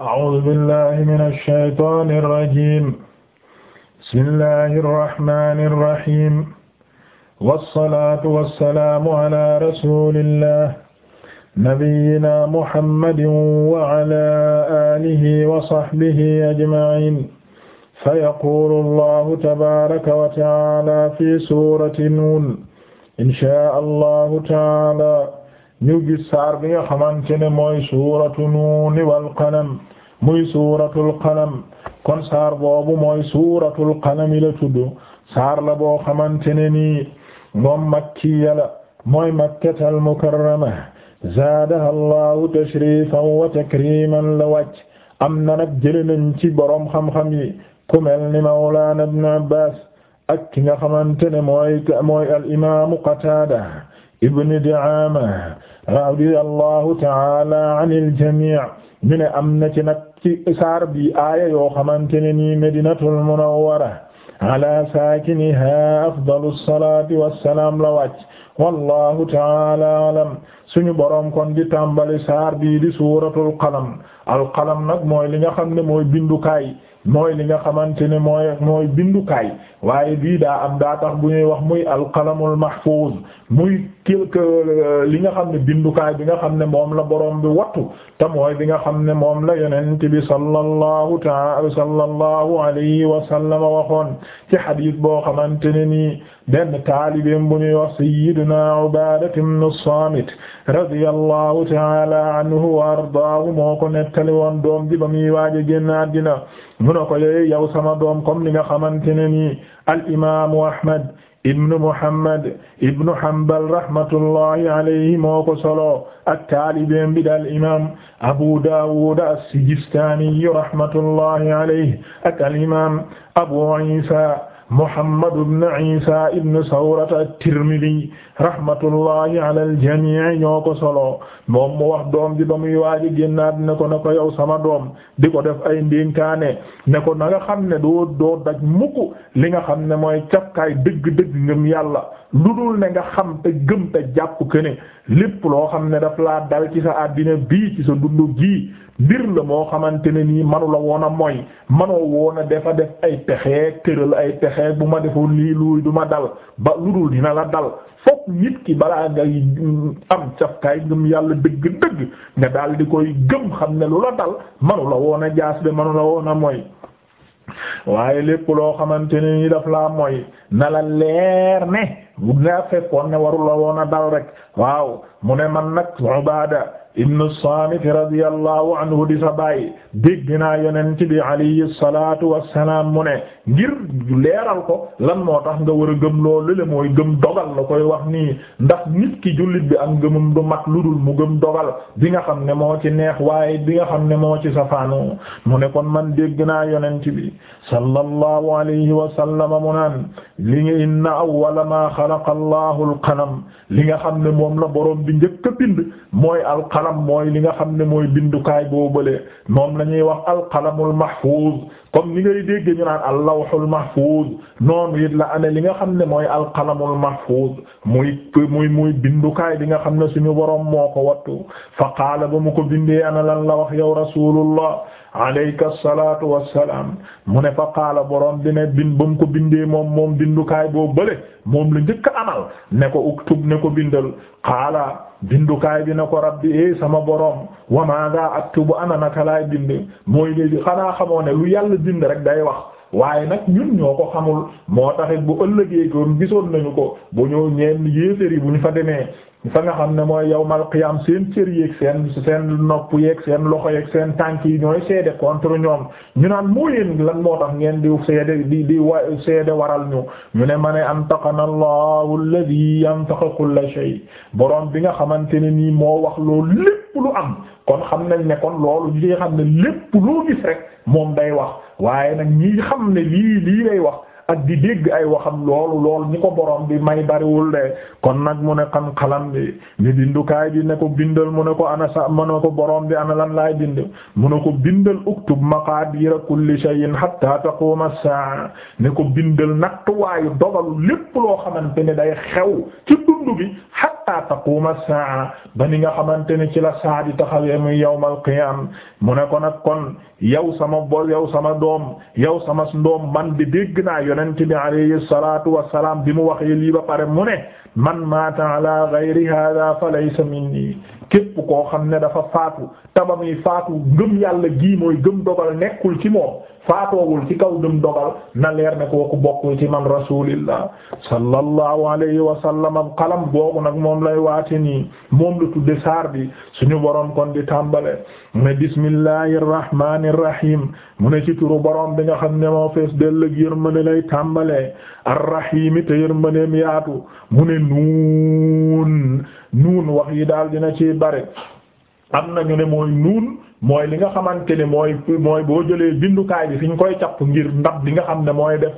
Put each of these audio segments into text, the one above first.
أعوذ بالله من الشيطان الرجيم بسم الله الرحمن الرحيم والصلاة والسلام على رسول الله نبينا محمد وعلى آله وصحبه أجمعين فيقول الله تبارك وتعالى في سورة نون إن شاء الله تعالى ñu gis saar bi nga xamante ne mooy suuratu nuuni wal qalam muy suuratul qalam kon saar boobu mooy suuratul qalam la tudd saar la boo xamante ne nii moom makkiya la mooy makkatal mukarrama zaadaha allahu tashrifan wa takriman la wàcc am na nag jële nañ ci boroom xam-xam yi ku mel ni mawlaana ibn abbas ak ki nga xamante ne mooy al imaamu qataada ibn Di'aama radiyallahu ta'ala anil jamii' ñu ne am na ci nag ci saar bi aaya yoo xamante ne nii Madinatul Munawwara ala saakiniha afdalu salaati wassalaam la wàcc wallahu taala alam suñu boroom kon di tàmbali saar bii di suuratul qalam alqalam nag mooy li nga xam ne mooy bindukaay mooy li nga xamante ne mooy mooy bindukaay waaye bii daa am daa tax bu ñuy wax muy alqalamul mahfuz muy quelque euh, li nga xam ne bindukaay bi nga xam ne moom la borom bi wattu te mooy bi nga xam ne moom la yonent bi sallallahu ta'ala sallallahu alayhi wa sallam waxoon ci xadiis boo xamante ne nii benn taalibeem bu ñuy wax sayyidina Ubaada ibn Saamit radiyallahu ta'ala anhu wa ardaahu moo ko nettali woon doom bi ba muy waaje génn àddina mu ne ko yee yow sama doom comme ni nga xamante ne nii al imaamu Ahmad ibnu Muhammad ibnu Hanbal rahmatullahi alayhi moo ko solo ak taalibeem bi daal imaam Abu Daawud as-Sijistaani rahmatullahi alayhi ak al imaam Abu Iisa Muhammad ibn Isa ibn Sawrata at-Tirmidhi rahmatullahi ala al-jamii ñoo ko solo moom mu wax doom ji ba muy waaji génnaat ne ko ne ko yow sama doom di ko def ay ndénkaane ne ko nanga xam ne doo doo daj mukk li nga xam ne mooy cafkaay dëgg-dëgg ngëm yàlla lu dul ne nga xam te gëm te jàpp ke ne lépp loo xam ne daf laa dal ci sa àddina bii ci sa dundu gii mbir la moo xamante ne nii manu la woon a mooy manoo woon a defa def ay pexeek tëral ay pexeek bu ma defoon lii luy du ma dal ba lu dul dina la dal fokk nit ki balaa ngay am cafkaay ngëm yàlla dëgg-dëgg nga daal di koy gëm xam ne lu la dal manu la woon a jaas de manu la woon a mooy waaye lépp loo xamante ne ni daf laa mooy na la leer ne bu naa fekkoon ne warula woon a dal rek waaw mu ne man nag Ubaada ibnu saamit radiyallahu anhu di sa bàyyi dégg naa yonent bi alayhi salaatu wassalaam mu ne ngir leeral ko lan moo tax nga war a gëm loolu le mooy gëm dogal la koy wax nii ndax nit ki jullit bi am ngëmum du mat lu dul mu gëm dogal bi nga xam ne moo ci neex waaye bi nga xam ne moo ci safaanu mu ne kon man dégg naa yonent bi sallallahu alayhi wa sallam mu naan li nga inna awwala maa xalaqa allahu alqalam li nga xam ne moom la boroom bi njëkk a bind mooy alqalam xalam mooy li nga xam ne mooy bindukaay boobale moom la ñuy wax alqalamul mahfuz comme ni ngay dégg ñu naan allawhul mahfuz noonu it la ane li nga xam ne mooy alqalamul mahfuz muy muy muy bindukaay bi nga xam ne suñu borom moo ko wattu fa qaala ba mu ko bindee ana lan la wax yow rasulullah alayka salaatu wassalaam mu ne fa qaala borom bi ne bind ba mu ko bindee moom moom bindukaay boo bële moom la njëkk a amal ne ko uktub ne ko bindal qaala bindukaay bi ne ko rabbi eh sama borom wa maa ngaa aktubu ana naka laay bind mooy xanaa xamoo ne lu yàlla bind rek day wax. waaye nag ñun ñoo ko xamul moo taxit bu ëllëgee koon gisoon nañu ko bu ñu ñeen yéeféer yi bu ñu fa demee fa nga xam ne mooy yawmal qiyam seen cër yeeg seen seen nopp yeeg seen loxo yeeg seen tànk yi ñooy seede contre ñoom ñu naan moo yéen lan moo tax ngeen di seede di di wa seede waral ñu ñu ne ma ne antaqana allahu alladhi yantaqa kulla shay borom bi nga xamante ne nii moo wax loolu lépp lu am kon xam nañ ne kon loolu ñi nga xam ne lépp loo gis rek moom day wax waaye nag ñi xam ne lii lii lay wax. ak di dégg ay waxam loolu loolu ñi ko borom bi may bariwul de kon nag mun ne xam xalam bi ni bindukaay bi ne ko bindal mu ne ko ana sa mu ko borom bi ana lan laay bind mun e ko bindal uktub maqaadira kulli shay'in hatta taquma as-sa'a ne ko bindal nattuwaayu dogalu lépp loo xamante ne day xew ci dund bi hatta taquma as-sa'a ba ni nga xamante ne ci la saa di taxawee muy yawmal qiyaam mu ne ko nag kon yow sama bol yow sama doom man di dégg naa yonent bi alayhi salaatu wassalaam bi mu waxee lii ba pare mu ne man maata ala ghayri hada fa laysa minni képp koo xam ne dafa faatu tabamuy faatu gëm yàlla gii mooy gëm dogal nekkul ci moom faatoowul ci kaw dum dogal na leer ne kooku bokk ci man rasulillah sallallahu alayhi wa sallam xalam boobu nag moom lay waate nii moom la tudde saar bi suñu borom kon di tàmbale mu ne bismillahir rahmanir rahim mu ne ci turu borom bi nga xam ne moo fees dellëg yërmande lay tàmbale arrahimi te yërmandeem yaatu mu ne nuun nuun wax yi daal dina ci bare am nañu ne mooy nuun mooy li nga xamante ne mooy mooy boo jëlee bindukaay bi fi ñu koy capp ngir ndab li nga xam ne mooy def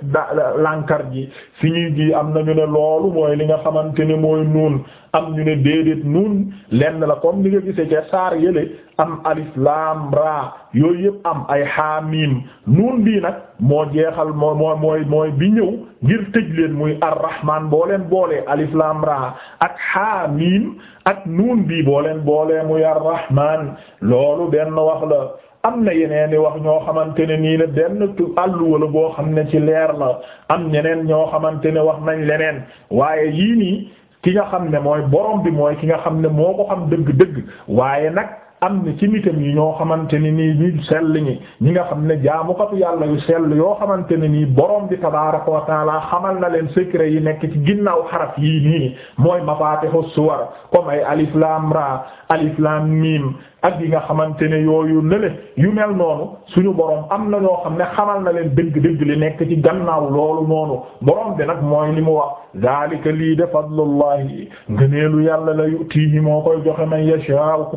lànkar ji fi ñuy ji am na ñu ne loolu mooy li nga xamante ne mooy nuun am ñu ne déedéet nuun lenn la comme li nga gisee ca saar yële am alif laam raa yooyu yëpp am ay xaamiim nuun bii nag moo jeexal moo mooy mooy bi ñëw ngir tëj leen muy arrahman boo leen boolee alif laam raa ak xaamiim ak nuun bii boo leen boolee muy arrahman loolu benn na wax la am na yeneen i wax ñoo xamante ne nii la benn tu àlluwa la boo xam ne ci leer la am ñeneen ñoo xamante ne wax nañ leneen waaye yii nii ki nga xam ne mooy borom bi mooy ki nga xam ne moo ko xam dëgg-dëgg waaye nag am na ci nitam yi ñoo xamante ne nii ñu sell ñi ñi nga xam ne jaamukatu yàlla yu sell yoo xamante ne nii borom bi tabaaraka wa xamal na leen secret yi nekk ci ginnaaw xaraf yii nii mooy mafaatihu suwar comme ay alif lam ra alif lam mim ak yi nga xamante ne yooyu nële yu mel noonu suñu borom am na ñoo xam ne xamal na leen dëgg-dëgg li nekk ci gannaaw loolu noonu borom bi nag mooy li mu wax zalika lii de fadlullahi ngëneelu yàlla la yutihi moo koy joxe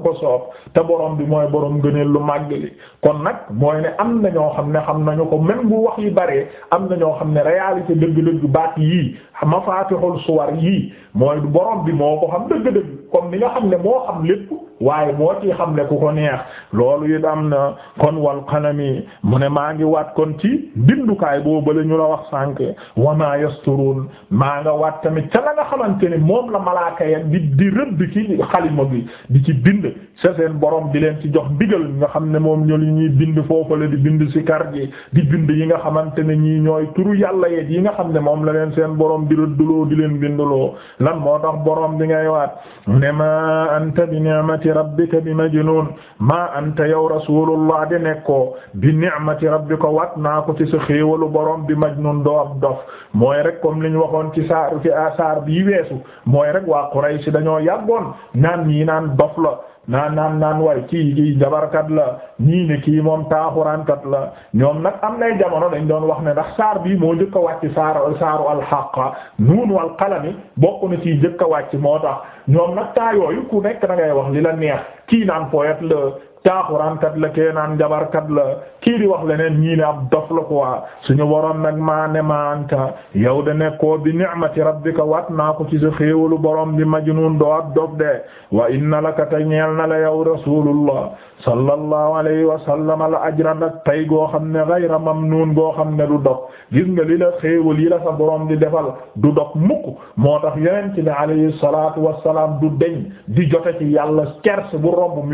ko soob te borom bi mooy borom gëneel lu màgg li kon nag mooy ne am na ñoo xam ne xam nañu ko même bu wax yi baree am na ñoo xam ne réalité dëgg-dëgg baat yii mafaatihul suwar yii mooy borom bi moo ko xam dëgg-dëgg. comme ni nga xam ne moo xam lépp waaye moo ci xam ne ku ko neex loolu it am na kon wal yi mu ne maa ngi waat kon ci bindukaay boobu la ñu la wax sànq wa maa yasturun maa nga waat tamit ca la nga xamante ne moom la malaaka ya di di rëbb ci xalima bi di ci bind sa seen borom di leen ci jox ndigal nga xam ne moom ñu li ñuy bind foofu la di bind si kar gi di bind yi nga xamante ne ñii ñooy turu yàlla yeeg yi nga xam ne moom la leen seen boroom di rëdduloo di leen binduloo lan moo tax borom di ngay waat mu ne ma anta bi ni'mati rabbika bi majnun ma anta yow rasulullah de nekkoo bi ni'mati rabbika wat naa ko ci sa xéewalu borom bi majnun doo ab dof mooy rek comme li ñu waxoon ci saar ci asaar bii weesu mooy rek waa Quraysh dañoo yàggoon naan ñii naan dof la naan naan naan waay kii kii jabarkat la ñii ne kii moom taaxuraankat la ñoom nag am nay jamono dañ doon wax ne ndax saar bii moo njëkk a wàcc saar saaru alxaqa nuun wal qalami bokk na ci njëkk a wàcc moo tax ñoom nag taa yooyu ku nekk da ngay wax li la neex kii naan poète la taaxuraankat la kee naan jabarkat la kii di wax leneen ñii ne ab dof la quoi suñu waroon nag maa ne maanta yow de nekkoo bi ni'mati rabbika wat naa ko ci sa xéewalu borom bi majnuun doo ab dof de wa inna laka te ñeel na la yow rasulullah sallallahu alayhi wa sallam la ajran ak pay goo xam ne ghayra mamnuun goo xam ne du dog gis nga li la xéewal yi la sa borom di defal du dog mukk moo tax yonent bi alayhi salaatu wassalaam du deñ di jota ci yàlla kers bu romb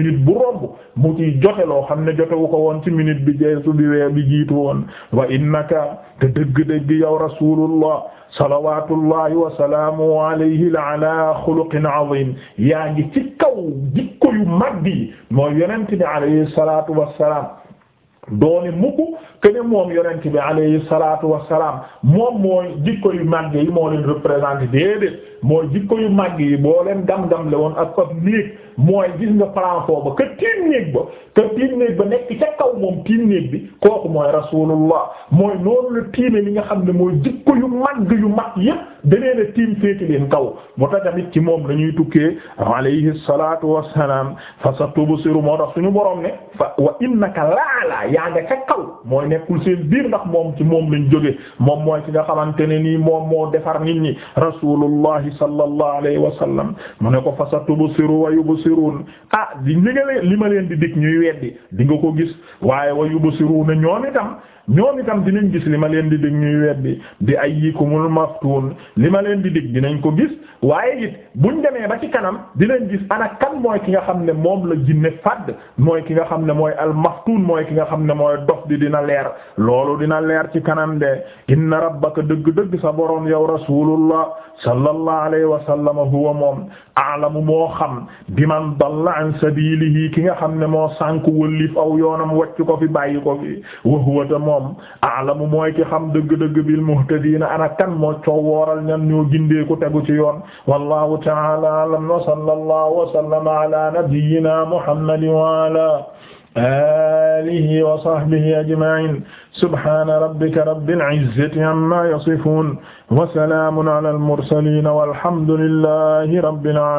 bu mu ci joxe loo xam ne jotewu ko woon ci minute bi jeesu bi weer bi jiitu woon wa innaka te dëgg-dëgg yow rasulullah salawatullahi wa salaamu alayhi la ala xuluqin azim yaa ngi ci kaw jikko yu mag yi mooy yonent bi alayhi salatu wassalaam doone mukk kene moom yonent bi alayhi salatu wassalaam moom mooy jikko yu mag yi moo leen représenté déedéet mooy jikko yu màgg yi boo leen gam-gamle woon ak ab néeg mooy gis nga plafond ba que tiim néeg ba que tiim néeg ba nekk ca kaw moom tiim néeg bi kooku mooy rasulullah mooy noonu la tiime li nga xam ne mooy jikko yu màgg yu mag yépp danee tiim féeti leen kaw moo tax ci moom lañuy tukkee alayhi salatu wassalam fa satubsiru moo tax suñu boroom ne fa wa innaka laalaa yaa nga ca kaw mooy nekkul seen biir ndax moom ci moom lañ jóge moom mooy ci nga xamante ne nii moom moo defar nit ñi sallallahu alayhi wa sallam mu ne ko bu fasatubsiru wa yubsirun ah di li nga li ma leen di dig ñuy weddi di nga ko gis waaye wa yubsiruna ñoom itam ñoom itam dinañ gis li ma leen di dig ñuy weddi bi ayyikumul maftuun li ma leen di dig dinañ ko gis waaye it buñ demee ba ci kanam dinañ gis ana kan mooy ki nga xam ne moom la jinne fàdd mooy ki nga xam ne mooy al maftuun mooy ki nga xam ne mooy dof di dina leer loolu dina leer ci kanam de inna rabbaka dëgg-dëgg sa boroom yow rasulullah sallallahu alayhi wa sallam huwa moom a'lamu moo xam biman dalla an sabilihi ki nga xam ne moo sànk wëllif aw yoonam wacc ko fi moom alamu mooy ki xam dëgg-dëgg bil muhtadiina ana kan moo coow wooral ñan ñoo gindee ku tegu ci yoon wallahu ta'ala a'lam wa sallallahu wa sallama ala nabiyyina muhammadin wa ala alihi wa sahbihi ajma'in subhana rabbika rabbil izzati amma yasifun wa salamun ala al mursalin walhamdulillahi rabbil alamin